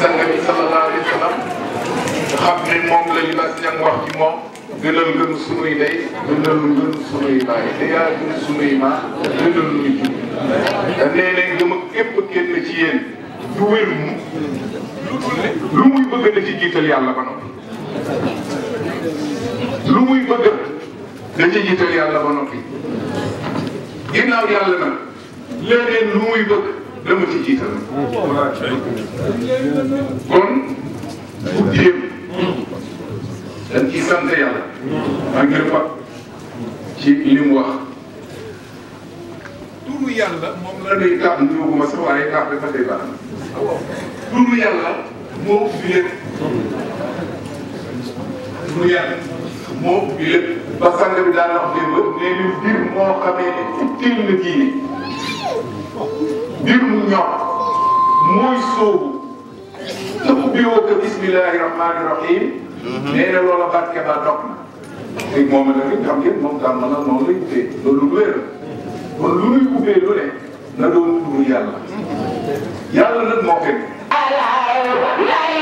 sang bi sallallahu xam ne moom la Libaas Ñaŋ wax ci moom gënal gën sunuy ndey gënal gën sunuy baay te yaa gën sunuy maa gënal ñu ji nee ne gëma képp kenn ci lu muy bëgg da ci yàlla ba noppi lu muy bëgg da ci yàlla ba noppi ginnaaw yàlla nag leneen lu muy bëgg la mu ci jiital. kon bu jéem. dañ ciy sant yàlla. maa ngi leen ci li mu wax. turu yàlla moom la day tax ñëwaguma sax waaye tax dafa day baax. turu yàlla moo ubbi lépp. turu yàlla moo ubbi lépp. ba sànq bi daal wax démb ne lu dir moo xamee ne utile na diine mbir mu ñor mooy sóobu te ubbiwoo ko bismillahi rahim. Mhm. nee na loola barke ba dog na. te moom la rek xam ngeen moom tam mën na noonu lay ubbee loolu lu wér kon lu lu ne na doon tudd yàlla